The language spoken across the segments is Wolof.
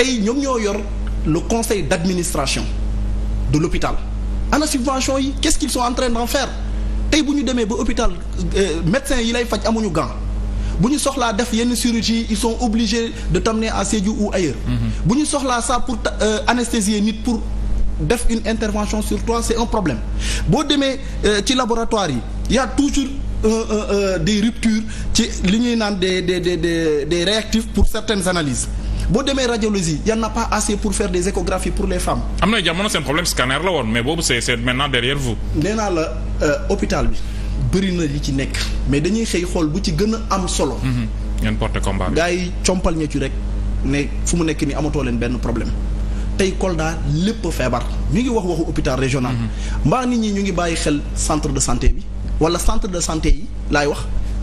tey ñoom ñoo yor le conseil d'administration de l'hôpital ana subvention yi qu'est-ce qu'ils sont en train d'en tey bu ñu demee ba hôpital euh, médecin yi lay faj amuñu gant bu ñu soxlaa def yenn chirurgie ils sont obligés de t'amener à Sédhiou ou ailleurs mm-hmm. bu ñu soxlaa ça pour euh, anesthésier nit pour def une intervention sur toi c'est un problème boo demee euh, ci laboratoire yi y a toujours di ruptures ci li ñuy naan des des des des réactifs pour certaines analyses boo demee radiologie y en a pas pour faire des échographies pour les femmes. am na jamono seen problème scanner la woon mais boobu c'est c'est maintenant derrière vous. nee naa euh, bi bëri na li ci nekk mais dañuy xëy xool bu ci gën a am solo. Mm-hmm. ngeen porté combat bi. gars ci rek ne fu mu nekk nii amatoo leen benn problème. tey Kolda lépp feebar ñu ngi wax waxu hôpital régional. Mm-hmm. mbaa nit ñi ñu ngi bàyyi xel centre de santé bi wala centre de santé yi laay wax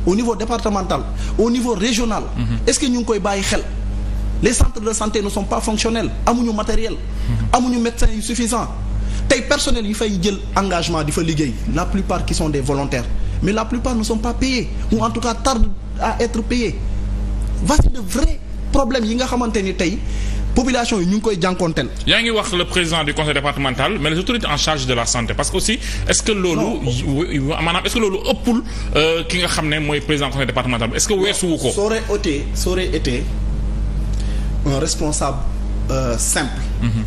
au niveau départemental au niveau régional. Mm-hmm. est-ce que ñu ngi koy bàyyi xel. les centres de santé ne sont pas fonctionnels amuñu matériel mhm. amuñu médecins yu suffisant tey personnel yi fay jël engagement di fa liggéey la plupart qui sont des volontaires mais la plupart ne sont pas payés ou en tout cas tardent à être payés voici de vrais problèmes yi nga xamante ni tey population yi ñu ngi koy jànkonteel. yaa ngi wax le président du conseil départemental mais les autorités en charge de la santé parce que aussi est-ce que euh, nga xam ne mooy président conseil départemental est-ce que ko. ça aurait été un responsable euh, simple mm -hmm.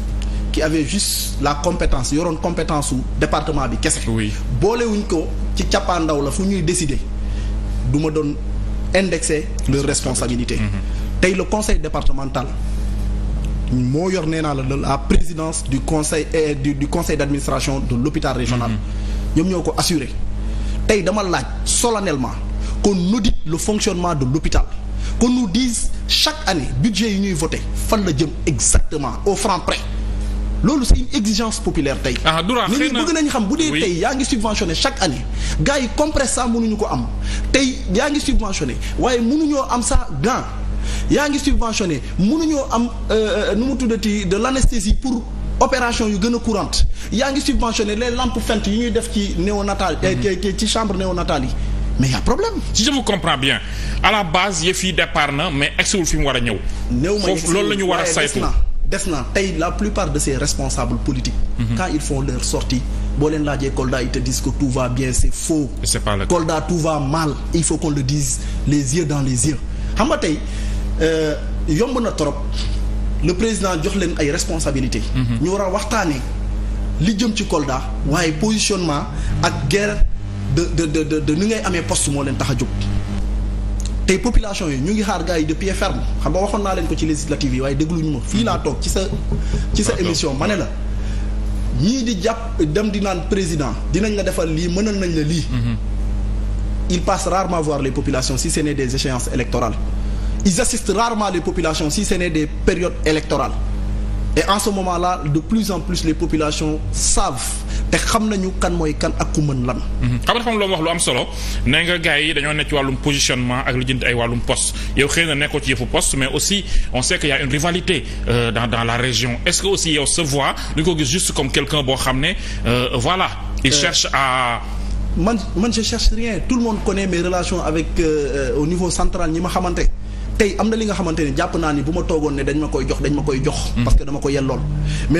qui avait juste la compétence yoroon compétence su département bi kese boole wuñ ko ci cappaandaw la fu ñuy décider du ma doon indexer leur responsabilité mm -hmm. tey le conseil départemental moo yor nee naa la la présidence du conseil et euh, du, du conseil d'administration de l'hôpital régional mhm. ñoom ñoo ko assuré tey dama laaj solennellement qu'on audite le fonctionnement de l'hôpital qu'on nous dise chaque année budget yu ñuy voté fan la jëm exactement au franc près loolu c'est une exigence populaire tey ah, nit ñi bëgg nañ xam bu dee tey yaa ngi subventionné chaque année gars yi compresse ça mënuñu ko am tey yaa ngi subventionné waaye mënuñoo am ça gan yaa ngi subventionné mënuñoo am euh, euh, nu mu tuddati de l'anesthésie pour opération yu gën a courante yaa ngi subventionné les lampes fentes yu ñuy def ci néonatal mm-hmm. ci chambre néonatale yi mais y' a problème. si je me comprends bien à la base yëf yi départ na mais eggsiwul fi mu war a ñëw. new ma foofu loolu la ñu war a saytu. def na tey la plupart de ces responsables politiques. Mm -hmm. quand ils font leur sortie boo leen laajee koldaa ils te disent que tout va bien c' est faux. c'est pas le tout va mal il faut qu'on le dise les yeux dans les yeux. xam nga tey euh, yomb na trop le président jox leen ay responsabilités. Mhm. ñu war a waxtaanee li jëm ci Kolda waaye positionnement ak guerre. de de de de ni ngay amee post moo leen tax a jóg tey population yi ñu ngi xaar gars yi de pied ferme xam nga waxoon naa leen ko ci législative yi waaye dégluñu ma fii laa toog ci sa ci sa émission ma ne la ñii di jàpp dem di naan président dinañ la defal lii mënal nañ la lii mhm. ils passent rarement voir les populations si ce n'est des échéances électorales ils assistent rarement les populations si ce n'est des périodes électorales et en ce moment-là de plus en plus les populations savent te xam nañu kan mooy kan ak ku mën lan. Mhm. xam nga dafa am loo wax lu am solo nee nga gars yi dañoo nekk ci wàllum positionnement ak li jënd ay wàllum poste yow xëy na nekkoo ci yëfu poste mais aussi on sait que y une rivalité euh, dans dans la région est-ce que aussi yow se voit du ko gis juste comme quelqu'un boo xam ne euh, voilà. il euh, cherche à. man man je cherche rien tout le monde connaît mes relations avec euh, au niveau central ñi ma xamante tey am na li nga xamante ne jàpp naa ni bu ma toogoon ne dañ ma koy jox dañ ma koy jox. Mhm. parce que ko yellool mais